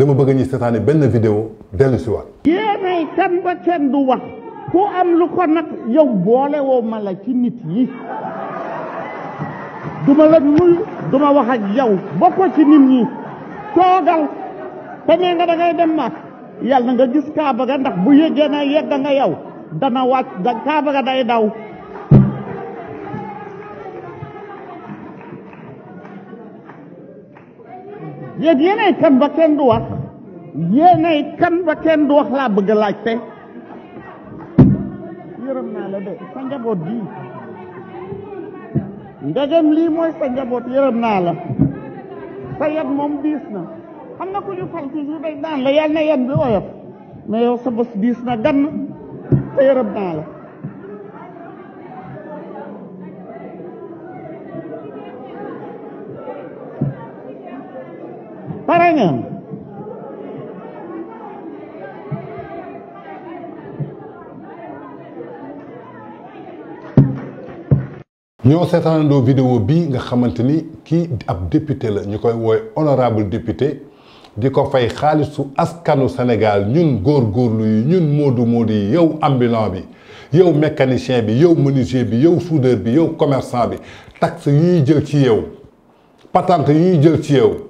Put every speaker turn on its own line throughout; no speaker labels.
dama bëgg ñu seetaane benn vidéo dellu si waat
yéenay ten ba ten du wax ku am lu ko nag yow boole woo ma la ci nit yi duma la nuyu duma wax ak yow bokko ci nit ñi toogal te nee nga da ngay dem mag yàlla na nga gis kaaba ga ndax bu yëggee na yegg nga yow dana wàcc da kaaba ga day daw yéen yéenay kan ba kenn du wax yéenay kan ba kenn du wax laa bëgg a laajte yërëm naa la de sa njaboot bii ndegem lii mooy sa njaboot yërëm naa la sa yat moom diis na xam na ku ñu fal toujours day daan la yàlla na yat bi oyof mais yow sa bés diis na gann te yërëm naa la
ñoo seetaanandoo vidéo bi nga xamante ni kii ab député la ñu koy woowe honorable dépité di ko fay xaalisu askanu Sénégal ñun góorgóorlu yi ñun moodu moodu yi yow ambulant bi yow mécanicien bi yow menuisier bi yow soudeur bi yow commerçant bi taxe yi ñuy jël ci yow patente yi ñuy jël ci yow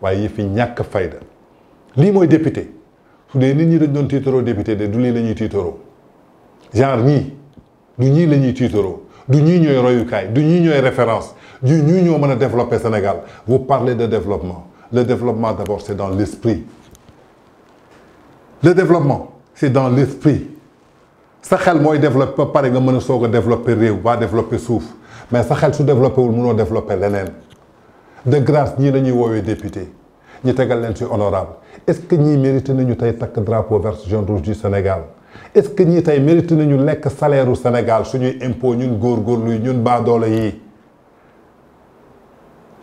waaye yëf yi ñàkk fayda lii ce député su dee nit ñi dañ doon tiitaroo député de du lii la ñuy tiitaroo genre ñii du ñii la ñuy tiitaroo du ñii ñooy royukaay du ñii ñooy référence du ñii ñoo mën a développer Sénégal vous parlez de développement le développement d'abord c'est dans l'esprit le développement c'est dans l'esprit sa xel mooy développer pas pare nga mën a soog développer réew ba développer suuf mais sa xel su développer wul mënoo développer leneen de grâce nous sommes députés, nous député honorables. est-ce que nous méritons de mettre un drapeau vert jaune rouge du Sénégal est-ce que nous méritons mérité mettre un salaire au Sénégal suñuy nous ñun nous sommes ñun gens yi li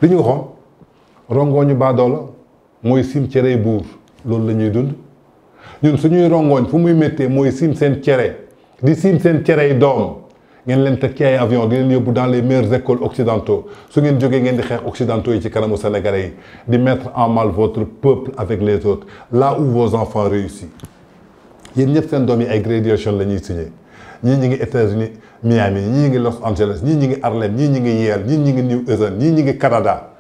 ñu nous rongooñu baadoolo mooy nous cere buur loolu la nous dund ñun nous fu muy nous nous ngeen leen des avions, ay avion dans les meilleures écoles occidentaux su ngeen jógee ngeen di xeex occidentaux yi ci kanamu sénégalais yi di mettre en mal votre peuple avec les autres là où vos enfants réussissent yéen ñëpp seen doom yi ay graduation la ñuy signé ñii ñi États-Unis Miami Los Angeles ñii ñi Harlem ñi New Haven ñi Canada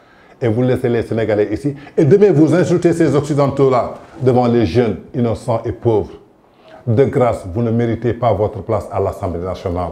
et vous laissez les Sénégalais ici et demain vous insultez ces occidentaux-là devant les jeunes innocents et pauvres de grâce vous ne méritez pas votre place à l'Assemblée nationale